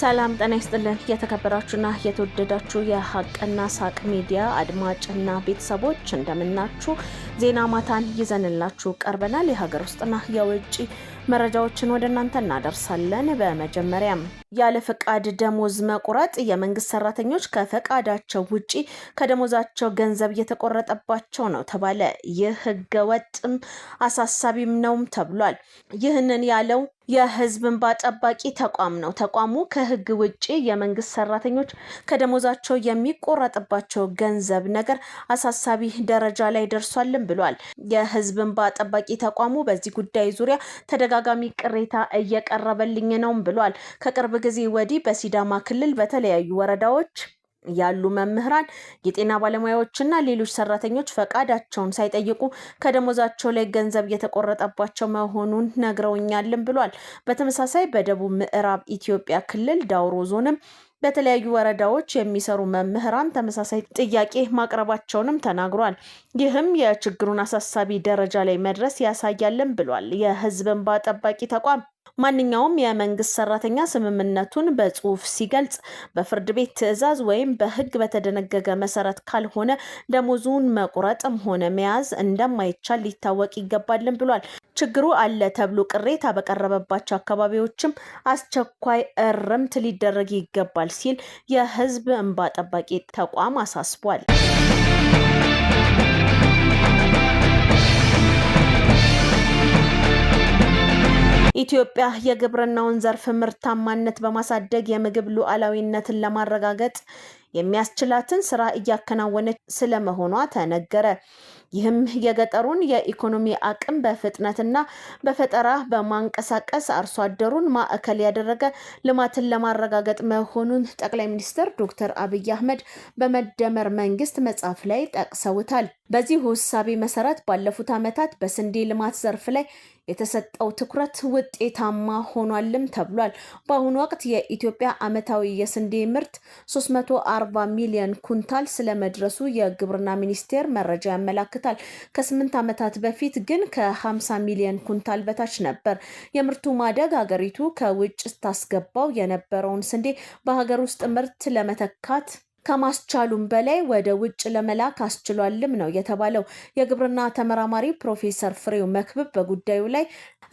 ሰላም ጤና ይስጥልን። የተከበራችሁና የተወደዳችሁ የሀቅና ሳቅ ሚዲያ አድማጭና ቤተሰቦች እንደምናችሁ። ዜና ማታን ይዘንላችሁ ቀርበናል። የሀገር ውስጥና የውጭ መረጃዎችን ወደ እናንተ እናደርሳለን። በመጀመሪያም ያለ ፈቃድ ደሞዝ መቁረጥ የመንግስት ሰራተኞች ከፈቃዳቸው ውጪ ከደሞዛቸው ገንዘብ እየተቆረጠባቸው ነው ተባለ። ይህ ህገወጥም አሳሳቢም ነውም ተብሏል። ይህንን ያለው የህዝብ እንባ ጠባቂ ተቋም ነው። ተቋሙ ከህግ ውጪ የመንግስት ሰራተኞች ከደሞዛቸው የሚቆረጥባቸው ገንዘብ ነገር አሳሳቢ ደረጃ ላይ ደርሷልም ብሏል። የህዝብ እንባ ጠባቂ ተቋሙ በዚህ ጉዳይ ዙሪያ ተደጋ ተደጋጋሚ ቅሬታ እየቀረበልኝ ነው ብሏል። ከቅርብ ጊዜ ወዲህ በሲዳማ ክልል በተለያዩ ወረዳዎች ያሉ መምህራን የጤና ባለሙያዎችና ሌሎች ሰራተኞች ፈቃዳቸውን ሳይጠይቁ ከደሞዛቸው ላይ ገንዘብ እየተቆረጠባቸው መሆኑን ነግረውኛልም ብሏል። በተመሳሳይ በደቡብ ምዕራብ ኢትዮጵያ ክልል ዳውሮ ዞንም በተለያዩ ወረዳዎች የሚሰሩ መምህራን ተመሳሳይ ጥያቄ ማቅረባቸውንም ተናግሯል። ይህም የችግሩን አሳሳቢ ደረጃ ላይ መድረስ ያሳያልን ብሏል። የህዝብ እንባ ጠባቂ ተቋም ማንኛውም የመንግስት ሰራተኛ ስምምነቱን በጽሁፍ ሲገልጽ በፍርድ ቤት ትዕዛዝ ወይም በህግ በተደነገገ መሰረት ካልሆነ ደሞዙን መቁረጥም ሆነ መያዝ እንደማይቻል ሊታወቅ ይገባልን ብሏል። ችግሩ አለ ተብሎ ቅሬታ በቀረበባቸው አካባቢዎችም አስቸኳይ እርምት ሊደረግ ይገባል ሲል የህዝብ እንባ ጠባቂ ተቋም አሳስቧል። ኢትዮጵያ የግብርናውን ዘርፍ ምርታማነት በማሳደግ የምግብ ሉዓላዊነትን ለማረጋገጥ የሚያስችላትን ስራ እያከናወነች ስለመሆኗ ተነገረ። ይህም የገጠሩን የኢኮኖሚ አቅም በፍጥነትና በፈጠራ በማንቀሳቀስ አርሶ አደሩን ማዕከል ያደረገ ልማትን ለማረጋገጥ መሆኑን ጠቅላይ ሚኒስትር ዶክተር አብይ አህመድ በመደመር መንግስት መጽሐፍ ላይ ጠቅሰውታል። በዚሁ እሳቤ መሰረት ባለፉት ዓመታት በስንዴ ልማት ዘርፍ ላይ የተሰጠው ትኩረት ውጤታማ ሆኗልም ተብሏል። በአሁኑ ወቅት የኢትዮጵያ ዓመታዊ የስንዴ ምርት 340 ሚሊዮን ኩንታል ስለመድረሱ የግብርና ሚኒስቴር መረጃ ያመላክታል። ከስምንት ዓመታት በፊት ግን ከ50 ሚሊዮን ኩንታል በታች ነበር። የምርቱ ማደግ ሀገሪቱ ከውጭ ስታስገባው የነበረውን ስንዴ በሀገር ውስጥ ምርት ለመተካት ከማስቻሉም በላይ ወደ ውጭ ለመላክ አስችሏልም ነው የተባለው። የግብርና ተመራማሪ ፕሮፌሰር ፍሬው መክብብ በጉዳዩ ላይ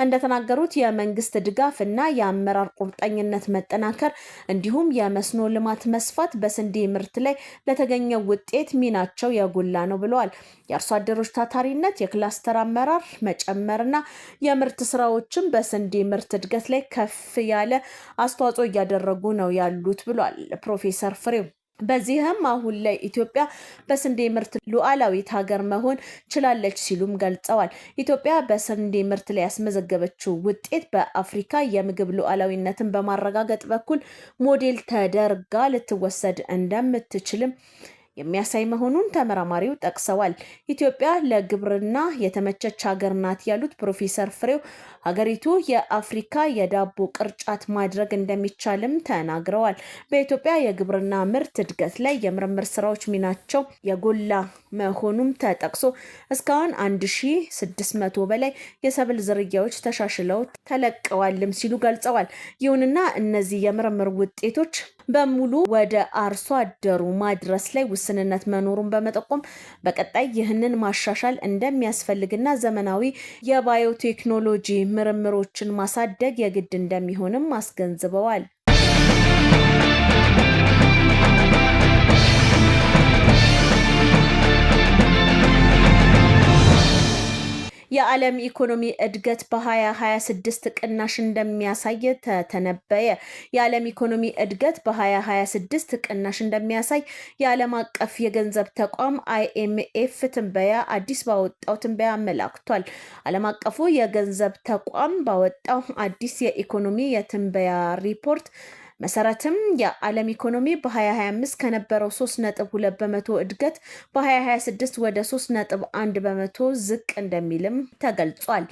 እንደተናገሩት የመንግስት ድጋፍ እና የአመራር ቁርጠኝነት መጠናከር እንዲሁም የመስኖ ልማት መስፋት በስንዴ ምርት ላይ ለተገኘው ውጤት ሚናቸው የጎላ ነው ብለዋል። የአርሶ አደሮች ታታሪነት፣ የክላስተር አመራር መጨመርና የምርት ስራዎችም በስንዴ ምርት እድገት ላይ ከፍ ያለ አስተዋጽኦ እያደረጉ ነው ያሉት ብሏል ፕሮፌሰር ፍሬው በዚህም አሁን ላይ ኢትዮጵያ በስንዴ ምርት ሉዓላዊት ሀገር መሆን ችላለች ሲሉም ገልጸዋል። ኢትዮጵያ በስንዴ ምርት ላይ ያስመዘገበችው ውጤት በአፍሪካ የምግብ ሉዓላዊነትን በማረጋገጥ በኩል ሞዴል ተደርጋ ልትወሰድ እንደምትችልም የሚያሳይ መሆኑን ተመራማሪው ጠቅሰዋል። ኢትዮጵያ ለግብርና የተመቸች ሀገር ናት ያሉት ፕሮፌሰር ፍሬው ሀገሪቱ የአፍሪካ የዳቦ ቅርጫት ማድረግ እንደሚቻልም ተናግረዋል። በኢትዮጵያ የግብርና ምርት እድገት ላይ የምርምር ስራዎች ሚናቸው የጎላ መሆኑም ተጠቅሶ እስካሁን 1600 በላይ የሰብል ዝርያዎች ተሻሽለው ተለቀዋልም ሲሉ ገልጸዋል። ይሁንና እነዚህ የምርምር ውጤቶች በሙሉ ወደ አርሶ አደሩ ማድረስ ላይ ውስንነት መኖሩን በመጠቆም በቀጣይ ይህንን ማሻሻል እንደሚያስፈልግና ዘመናዊ የባዮቴክኖሎጂ ምርምሮችን ማሳደግ የግድ እንደሚሆንም አስገንዝበዋል። የዓለም ኢኮኖሚ እድገት በ2026 ቅናሽ እንደሚያሳይ ተተነበየ። የዓለም ኢኮኖሚ እድገት በ2026 ቅናሽ እንደሚያሳይ የዓለም አቀፍ የገንዘብ ተቋም አይኤምኤፍ ትንበያ አዲስ ባወጣው ትንበያ አመላክቷል። ዓለም አቀፉ የገንዘብ ተቋም ባወጣው አዲስ የኢኮኖሚ የትንበያ ሪፖርት መሰረትም የዓለም ኢኮኖሚ በ2025 ከነበረው 3.2 በመቶ እድገት በ2026 ወደ 3.1 በመቶ ዝቅ እንደሚልም ተገልጿል።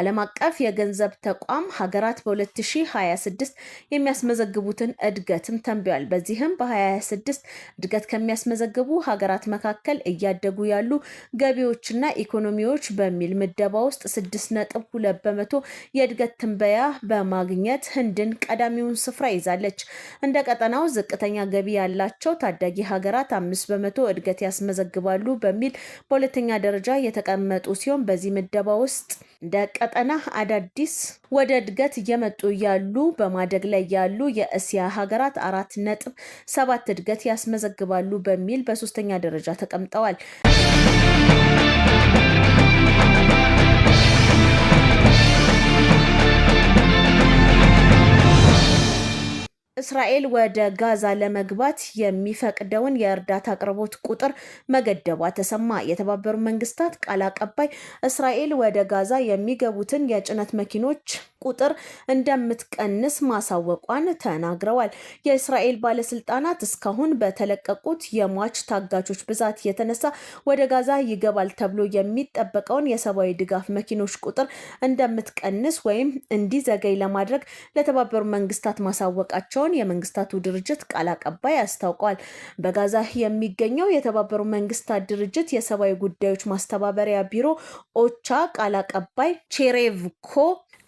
ዓለም አቀፍ የገንዘብ ተቋም ሀገራት በ2026 የሚያስመዘግቡትን እድገትም ተንብዋል። በዚህም በ2026 እድገት ከሚያስመዘግቡ ሀገራት መካከል እያደጉ ያሉ ገቢዎችና ኢኮኖሚዎች በሚል ምደባ ውስጥ 6.2 በመቶ የእድገት ትንበያ በማግኘት ህንድን ቀዳሚውን ስፍራ ይዛለች። ትገኛለች። እንደ ቀጠናው ዝቅተኛ ገቢ ያላቸው ታዳጊ ሀገራት አምስት በመቶ እድገት ያስመዘግባሉ በሚል በሁለተኛ ደረጃ የተቀመጡ ሲሆን በዚህ ምደባ ውስጥ እንደ ቀጠና አዳዲስ ወደ እድገት እየመጡ ያሉ በማደግ ላይ ያሉ የእስያ ሀገራት አራት ነጥብ ሰባት እድገት ያስመዘግባሉ በሚል በሶስተኛ ደረጃ ተቀምጠዋል። እስራኤል ወደ ጋዛ ለመግባት የሚፈቅደውን የእርዳታ አቅርቦት ቁጥር መገደቧ ተሰማ። የተባበሩት መንግስታት ቃል አቀባይ እስራኤል ወደ ጋዛ የሚገቡትን የጭነት መኪኖች ቁጥር እንደምትቀንስ ማሳወቋን ተናግረዋል። የእስራኤል ባለስልጣናት እስካሁን በተለቀቁት የሟች ታጋቾች ብዛት የተነሳ ወደ ጋዛ ይገባል ተብሎ የሚጠበቀውን የሰብአዊ ድጋፍ መኪኖች ቁጥር እንደምትቀንስ ወይም እንዲዘገይ ለማድረግ ለተባበሩ መንግስታት ማሳወቃቸውን የመንግስታቱ ድርጅት ቃል አቀባይ አስታውቋል። በጋዛ የሚገኘው የተባበሩ መንግስታት ድርጅት የሰብአዊ ጉዳዮች ማስተባበሪያ ቢሮ ኦቻ ቃል አቀባይ ቼሬቭኮ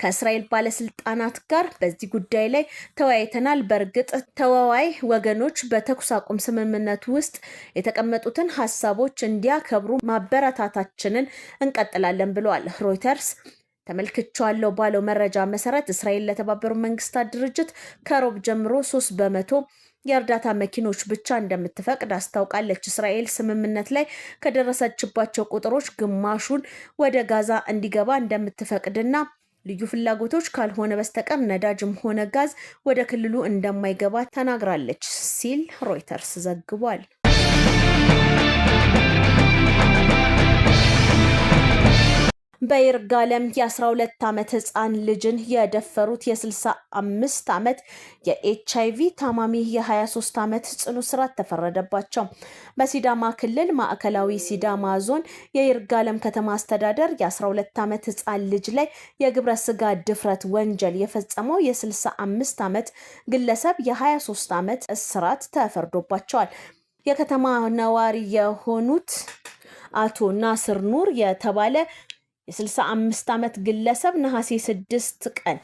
ከእስራኤል ባለስልጣናት ጋር በዚህ ጉዳይ ላይ ተወያይተናል። በእርግጥ ተዋዋይ ወገኖች በተኩስ አቁም ስምምነት ውስጥ የተቀመጡትን ሀሳቦች እንዲያከብሩ ማበረታታችንን እንቀጥላለን ብለዋል። ሮይተርስ ተመልክቻለሁ ባለው መረጃ መሰረት እስራኤል ለተባበሩት መንግስታት ድርጅት ከሮብ ጀምሮ ሶስት በመቶ የእርዳታ መኪኖች ብቻ እንደምትፈቅድ አስታውቃለች። እስራኤል ስምምነት ላይ ከደረሰችባቸው ቁጥሮች ግማሹን ወደ ጋዛ እንዲገባ እንደምትፈቅድና ልዩ ፍላጎቶች ካልሆነ በስተቀር ነዳጅም ሆነ ጋዝ ወደ ክልሉ እንደማይገባ ተናግራለች ሲል ሮይተርስ ዘግቧል። በይርጋለም የ12 ዓመት ህፃን ልጅን የደፈሩት የ65 ዓመት የኤች አይቪ ታማሚ የ23 ዓመት ጽኑ እስራት ተፈረደባቸው። በሲዳማ ክልል ማዕከላዊ ሲዳማ ዞን የይርጋለም ከተማ አስተዳደር የ12 ዓመት ህፃን ልጅ ላይ የግብረ ስጋ ድፍረት ወንጀል የፈጸመው የ65 ዓመት ግለሰብ የ23 ዓመት እስራት ተፈርዶባቸዋል። የከተማ ነዋሪ የሆኑት አቶ ናስር ኑር የተባለ የ65 ዓመት ግለሰብ ነሐሴ 6 ቀን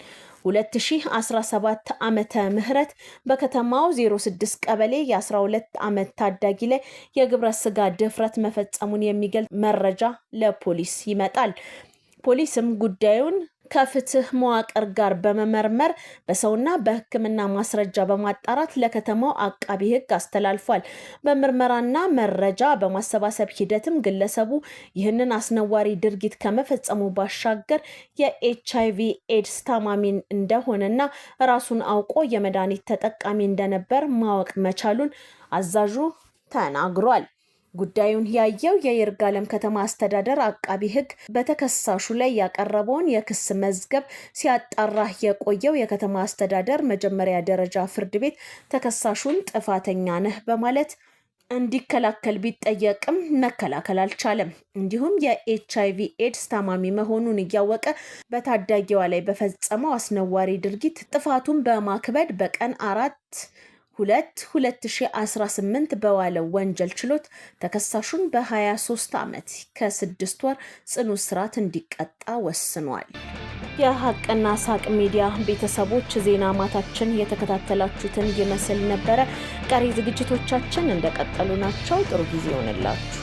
2017 ዓመተ ምህረት በከተማው 06 ቀበሌ የ12 ዓመት ታዳጊ ላይ የግብረ ስጋ ድፍረት መፈጸሙን የሚገልጽ መረጃ ለፖሊስ ይመጣል። ፖሊስም ጉዳዩን ከፍትህ መዋቅር ጋር በመመርመር በሰውና በሕክምና ማስረጃ በማጣራት ለከተማው አቃቢ ሕግ አስተላልፏል። በምርመራና መረጃ በማሰባሰብ ሂደትም ግለሰቡ ይህንን አስነዋሪ ድርጊት ከመፈጸሙ ባሻገር የኤች ኤድስ ታማሚን እንደሆነና ራሱን አውቆ የመድኃኒት ተጠቃሚ እንደነበር ማወቅ መቻሉን አዛዡ ተናግሯል። ጉዳዩን ያየው የይርጋለም ከተማ አስተዳደር አቃቢ ሕግ በተከሳሹ ላይ ያቀረበውን የክስ መዝገብ ሲያጣራ የቆየው የከተማ አስተዳደር መጀመሪያ ደረጃ ፍርድ ቤት ተከሳሹን ጥፋተኛ ነህ በማለት እንዲከላከል ቢጠየቅም መከላከል አልቻለም። እንዲሁም የኤች አይቪ ኤድስ ታማሚ መሆኑን እያወቀ በታዳጊዋ ላይ በፈጸመው አስነዋሪ ድርጊት ጥፋቱን በማክበድ በቀን አራት ሁለት 2018 በዋለው ወንጀል ችሎት ተከሳሹን በ23 ዓመት ከስድስት ወር ጽኑ እስራት እንዲቀጣ ወስኗል። የሀቅና ሳቅ ሚዲያ ቤተሰቦች ዜና ማታችን የተከታተላችሁትን ይመስል ነበረ። ቀሪ ዝግጅቶቻችን እንደቀጠሉ ናቸው። ጥሩ ጊዜ ይሆንላችሁ።